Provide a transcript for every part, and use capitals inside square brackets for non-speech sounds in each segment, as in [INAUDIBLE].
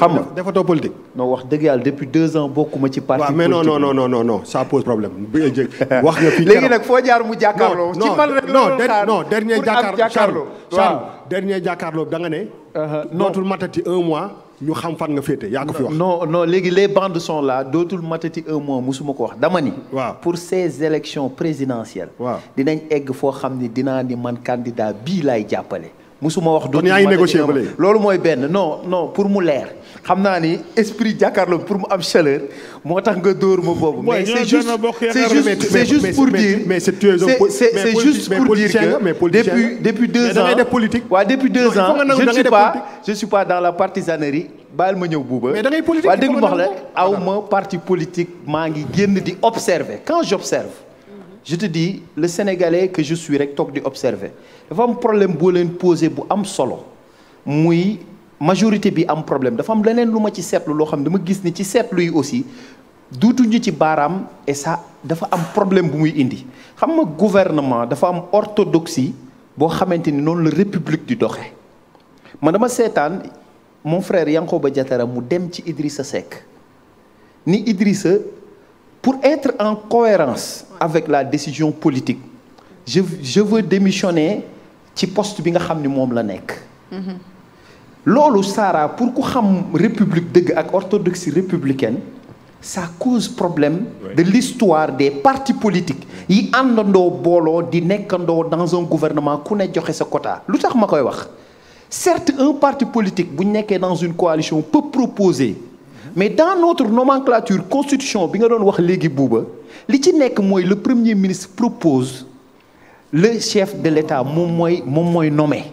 xam nga dafa politique. non wax deug yàlla depuis 2 ans bokuma ci parti. politique waaw mais non non non non non ça pose problème. Euh, [LAUGHS] wax nga fi. Légui nak fo jaar mu jakarlo ci mal rek la non dernier jakarlo. Charles Charles dernier jakarlo da nga ne. Uh-huh, dootul matati 1 mois ñu xam fan nga fété ya ko fi wax. non non légui les bandes sont là dootul matati 1 mois musuma ko wax dama ni. pour ces élections présidentielles. dinañ egg fo xam ni dinaa ni man candidat bi lay jappalé. musuma wax dootul matati un mois négocier ba léegi. loolu non non pour mu leer xamna ni esprit pour am chaleur nga c'est juste c'est juste pour dire mais c'est juste pour dire que depuis depuis deux ans depuis deux ans je ne suis pas je suis pas dans la partisanerie baal ma les politiques. wax la parti politique ngi observer quand j'observe mhm. je te dis le sénégalais que je suis rek di observer problème am majorité bi am problème dafa am leneen lu ma ci seetlu loo xam dama gis ni ci seetlu yi aussi ñu ci baaraam et ça dafa am problème bu muy indi xam nga gouvernement dafa am orthodoxie boo xamante ni noonu la république di doxe man dama mon frère Yankoba Diatara mu dem ci Idrissa Seck ni Idrissa pour être en cohérence avec la décision politique je je veux démissionner ci poste bi nga xam ni moom mm-hmm loolu Sara pour que xam république ak orthodoxie républicaine ça cause problème de l'histoire des partis politiques yi àndandoo booloo di dans un gouvernement qui ne joxe sa quota Qu'est-ce que je veux certes un parti politique si ñu dans une coalition peut proposer mais dans notre nomenclature constitution bi nga le premier ministre propose le chef de l'État moom moi, nommé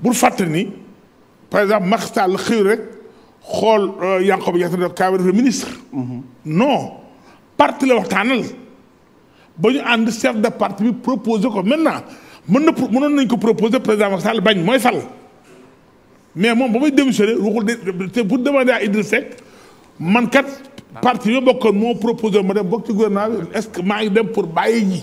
bul fàttali ni par exemple Macky Sall xëy rek xool Yankhoba Diattara Ka def ministre. Mhm. non parti la waxtaanal ba ñu ànd chef de parti bi proposé ko maintenant mën na mënoon nañ ko proposé président Macky Sall bañ mooy fal. mais moom ba muy démissionné waxul te bu demandé à Idriss Seck man kat. Ah. parti bi ma bokkoon moo proposé ma dem bokk ci gouvernement est-ce que maa ngi dem pour bàyyi ji.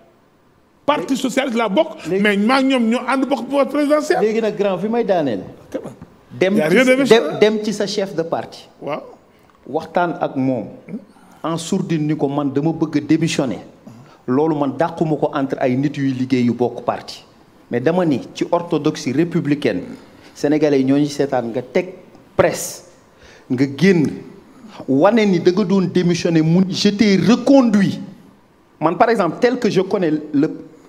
parti socialiste la bokk. mais ma ñom ñu and bokk pouvoir présidentiel. légui nag grand fi may daaneel. dem dem ci sa chef de parti. waaw waxtaan ak mom en sourdine ni ko man dama bëgg a démissionner. loolu man dàquma entre ay nit yu liggéey yu bokk parti. mais dama ni ci orthodoxie républicaine sénégalais yi ñoo ñu seetaan nga teg presse nga génn wané ni da nga doon démissionner mun j'étais reconduit man par exemple tel que je connais le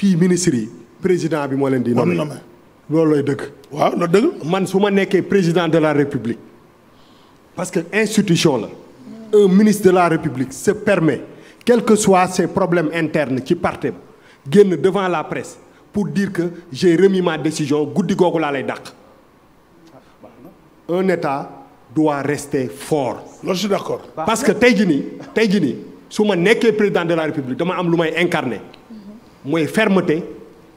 Qui ministre président bi président de la république parce que l'institution, un ministre de la république se permet quels que soient ses problèmes internes qui partent, de devant la presse pour dire que j'ai remis ma décision un état doit rester fort je suis d'accord parce que aujourd'hui, si je suis président de la république je am incarné. incarner moy fermeté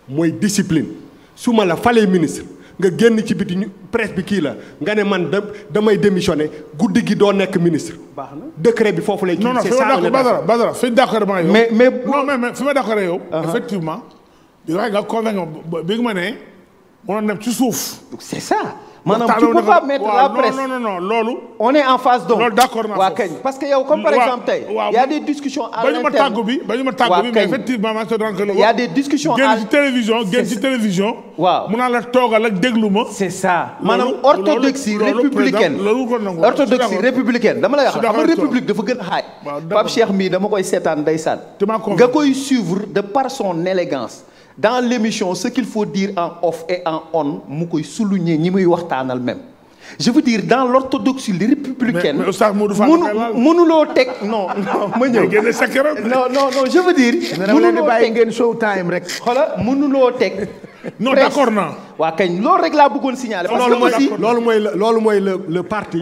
moy discipline su la falee ministre nga génn ci biti presse bi kii la nga ne man damay démissionné guddi gi doo nekk ministre. baax décret bi foofu lay. kii c'est ça badara Badara fi d'accord ma yow. mais mais non mais mais fi ma d'accord yow. Uh-huh. effectivement. di nga convaincre bi nga ma ne. mënoon dem ci suuf. c'est ça manam tu peux pas mettre la presse non non non loolu. on est en face donc loolu d'accord naa foofu parce que yow comme par exemple tay il y a des discussions à l'interne. ba ñu ma tàggu bi ba ñu ma tàggu bi mais effectivement maa ngi il y a des discussions à la télévision génn ci télévision. waaw mun naa la togal ak déglu c'est ça manam orthodoxie républicaine orthodoxie républicaine dama lay wax xam république dafa gën haay xaay. Pape Cheikh mi dama koy sétane ndeysaan. nga koy suivre de par son élégance dans l'émission ce qu'il faut dire en off et en on souligner ñi muy veux même je veux dire dans l'orthodoxie républicaine mais [LAUGHS] non [LAUGHS] non ma non non non je veux dire le baye ngeen show time rek [LAUGHS] non d'accord non. rek signaler parce que aussi le parti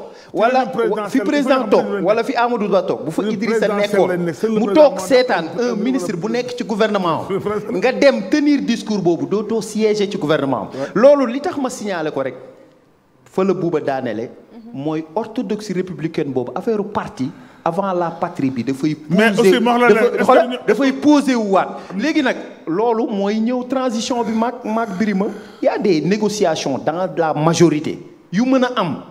wala fi président wala fi Amadou bu fa Idrissa mu tok un ministre bu nek ci gouvernement [LAUGHS] nga dem tenir discours bobu doto siéger ci gouvernement li tax ma signaler ko rek fa orthodoxie républicaine bobu affaire parti avant la patrie transition bi y a des négociations dans la majorité yu am.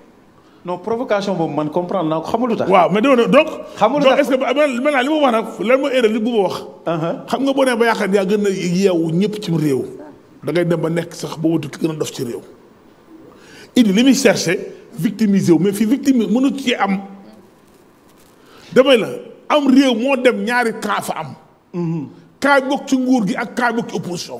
non provocation boobu man comprendre nak xamul waaw mais donc. est-ce que man dire wax lan erreur li bu uh-huh. xam nga boné ba ya gëna a ñepp ci réew. da ngay dem ba nek sax vous du ki dof ci réew. les limi chercher mais fi victime mënu ci am. demay la am réew mo dem ñaari am hmm kay ci nguur gi ak opposition.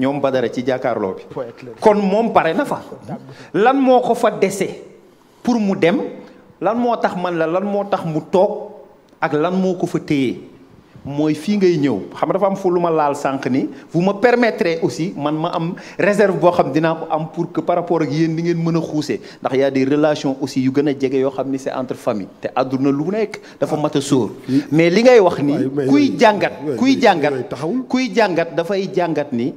ñoom Badara ci jakarlo bi kon mom paré na fa lan moko fa déssé pour mu dem lan moo tax man la lan moo tax mu tok ak lan moko fa téye moy fi ngay ñëw xam dafa am fu luma laal sank ni vous me permettrez aussi man ma am réserve bo xam dina ko am pour que par rapport ak yeen di ngeen mëna a ndax y a des relations aussi yu gëna a yo yoo xam ni c'est entre famille té àdduna lu nek dafa mata a mais li ngay wax ni kuy jàngat kuy jàngat kuy jàngat fay jàngat ni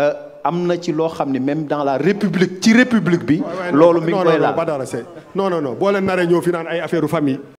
euh, amna ci lo xam même dans la république ci république bi. loolu mi ngi koy laal non non non bo le naré ñëw fi nan ay affaireu famille.